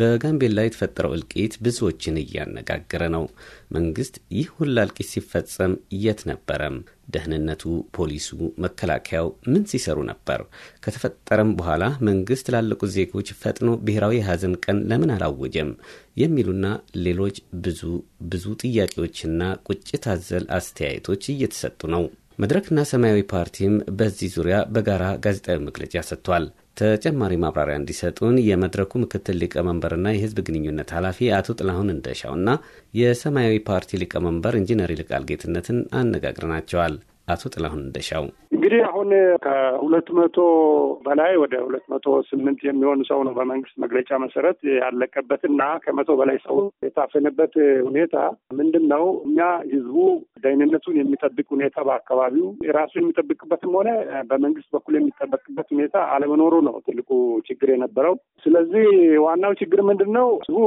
በጋምቤላ የተፈጠረው እልቂት ብዙዎችን እያነጋገረ ነው። መንግስት ይህ ሁላ እልቂት ሲፈጸም የት ነበረም? ደህንነቱ፣ ፖሊሱ፣ መከላከያው ምን ሲሰሩ ነበር? ከተፈጠረም በኋላ መንግስት ላለቁት ዜጎች ፈጥኖ ብሔራዊ የሀዘን ቀን ለምን አላወጀም? የሚሉና ሌሎች ብዙ ብዙ ጥያቄዎችና ቁጭት አዘል አስተያየቶች እየተሰጡ ነው። መድረክና ሰማያዊ ፓርቲም በዚህ ዙሪያ በጋራ ጋዜጣዊ መግለጫ ሰጥቷል። ተጨማሪ ማብራሪያ እንዲሰጡን የመድረኩ ምክትል ሊቀመንበርና የህዝብ ግንኙነት ኃላፊ አቶ ጥላሁን እንደሻውና የሰማያዊ ፓርቲ ሊቀመንበር ኢንጂነር ይልቃል ጌትነትን አነጋግረናቸዋል። አቶ ጥላሁን እንደሻው እንግዲህ አሁን ከሁለት መቶ በላይ ወደ ሁለት መቶ ስምንት የሚሆን ሰው ነው በመንግስት መግለጫ መሰረት ያለቀበት እና ከመቶ በላይ ሰው የታፈነበት ሁኔታ ምንድን ነው? እኛ ህዝቡ ደህንነቱን የሚጠብቅ ሁኔታ በአካባቢው የራሱ የሚጠብቅበትም ሆነ በመንግስት በኩል የሚጠበቅበት ሁኔታ አለመኖሩ ነው ትልቁ ችግር የነበረው። ስለዚህ ዋናው ችግር ምንድን ነው? ህዝቡ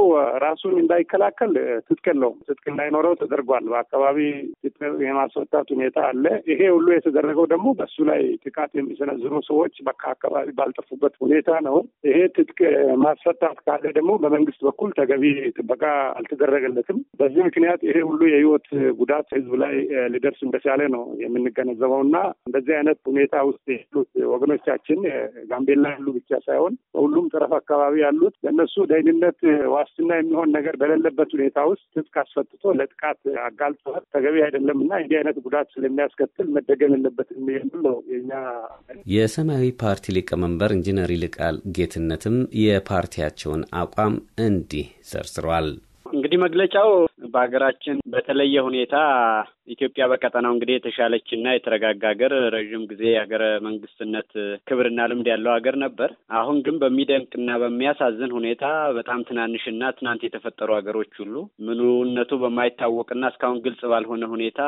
ራሱን እንዳይከላከል ትጥቅ የለውም። ትጥቅ እንዳይኖረው ተደርጓል። በአካባቢ ትጥቅ የማስወጣት ሁኔታ አለ። ይሄ ሁሉ የተደረገው ደግሞ በሱ ላይ ጥቃት የሚሰነዝሩ ሰዎች በአካባቢ ባልጠፉበት ሁኔታ ነው። ይሄ ትጥቅ ማስፈታት ካለ ደግሞ በመንግስት በኩል ተገቢ ጥበቃ አልተደረገለትም። በዚህ ምክንያት ይሄ ሁሉ የህይወት ጉዳት ህዝብ ላይ ላይ ሊደርስ እንደቻለ ነው የምንገነዘበው እና እንደዚህ አይነት ሁኔታ ውስጥ ያሉት ወገኖቻችን ጋምቤላ ያሉ ብቻ ሳይሆን በሁሉም ጠረፍ አካባቢ ያሉት ለእነሱ ደህንነት ዋስትና የሚሆን ነገር በሌለበት ሁኔታ ውስጥ ትጥቅ አስፈትቶ ለጥቃት አጋልጧል። ተገቢ አይደለም እና እንዲህ አይነት ጉዳት ስለሚያስከትል መደገም የለበትም የሚል የኛ የሰማያዊ ፓርቲ ሊቀመንበር ኢንጂነር ይልቃል ጌትነትም የፓርቲያቸውን አቋም እንዲህ ዘርዝሯል። እንግዲህ መግለጫው በሀገራችን በተለየ ሁኔታ ኢትዮጵያ በቀጠናው እንግዲህ የተሻለች እና የተረጋጋ ሀገር ረዥም ጊዜ የሀገረ መንግስትነት ክብርና ልምድ ያለው ሀገር ነበር። አሁን ግን በሚደንቅና በሚያሳዝን ሁኔታ በጣም ትናንሽና ትናንት የተፈጠሩ ሀገሮች ሁሉ ምኑነቱ በማይታወቅና እስካሁን ግልጽ ባልሆነ ሁኔታ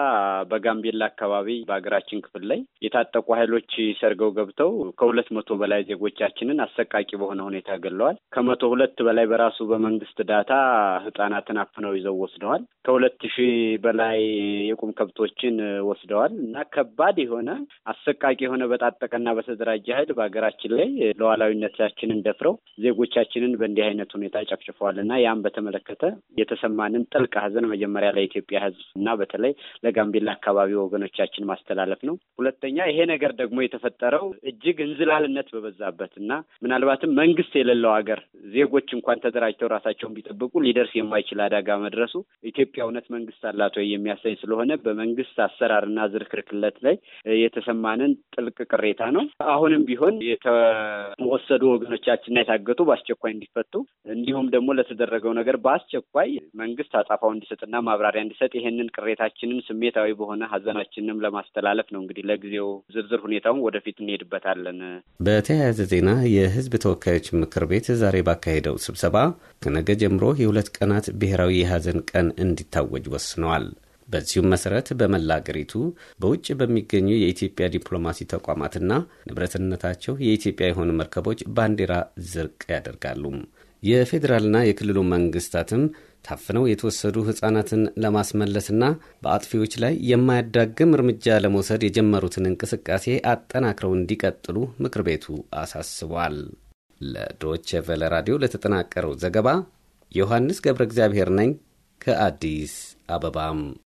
በጋምቤላ አካባቢ በሀገራችን ክፍል ላይ የታጠቁ ኃይሎች ሰርገው ገብተው ከሁለት መቶ በላይ ዜጎቻችንን አሰቃቂ በሆነ ሁኔታ ገለዋል። ከመቶ ሁለት በላይ በራሱ በመንግስት ዳታ ህጻናትን አፍነው ይዘው ወስደዋል። ከሁለት ሺህ በላይ የቁም ከብቶችን ወስደዋል እና ከባድ የሆነ አሰቃቂ የሆነ በጣጠቀና በተደራጀ ኃይል በሀገራችን ላይ ሉዓላዊነታችንን ደፍረው ዜጎቻችንን በእንዲህ አይነት ሁኔታ ጨፍጭፈዋል እና ያም በተመለከተ የተሰማንን ጥልቅ ሐዘን መጀመሪያ ለኢትዮጵያ ሕዝብ እና በተለይ ለጋምቤላ አካባቢ ወገኖቻችን ማስተላለፍ ነው። ሁለተኛ ይሄ ነገር ደግሞ የተፈጠረው እጅግ እንዝላልነት በበዛበት እና ምናልባትም መንግስት የሌለው ሀገር ዜጎች እንኳን ተደራጅተው ራሳቸውን ቢጠብቁ ሊደርስ የማይችል አደጋ መድረሱ ኢትዮጵያ እውነት መንግስት አላት ወይ የሚያሳይ ስለሆነ በመንግስት አሰራርና ዝርክርክለት ላይ የተሰማንን ጥልቅ ቅሬታ ነው። አሁንም ቢሆን የተወሰዱ ወገኖቻችንና የታገቱ በአስቸኳይ እንዲፈቱ እንዲሁም ደግሞ ለተደረገው ነገር በአስቸኳይ መንግስት አጻፋው እንዲሰጥና ማብራሪያ እንዲሰጥ ይሄንን ቅሬታችንን ስሜታዊ በሆነ ሀዘናችንም ለማስተላለፍ ነው። እንግዲህ ለጊዜው ዝርዝር ሁኔታውን ወደፊት እንሄድበታለን። በተያያዘ ዜና የህዝብ ተወካዮች ምክር ቤት ዛሬ ባካሄደው ስብሰባ ከነገ ጀምሮ የሁለት ቀናት ብሔራዊ የሀዘን ቀን ቀን እንዲታወጅ ወስነዋል። በዚሁም መሰረት በመላ አገሪቱ በውጭ በሚገኙ የኢትዮጵያ ዲፕሎማሲ ተቋማትና ንብረትነታቸው የኢትዮጵያ የሆኑ መርከቦች ባንዲራ ዝርቅ ያደርጋሉ። የፌዴራልና የክልሉ መንግስታትም ታፍነው የተወሰዱ ሕፃናትን ለማስመለስና በአጥፊዎች ላይ የማያዳግም እርምጃ ለመውሰድ የጀመሩትን እንቅስቃሴ አጠናክረው እንዲቀጥሉ ምክር ቤቱ አሳስቧል። ለዶቼ ቬለ ራዲዮ ለተጠናቀረው ዘገባ ዮሐንስ ገብረ እግዚአብሔር ነኝ። ከአዲስ አበባም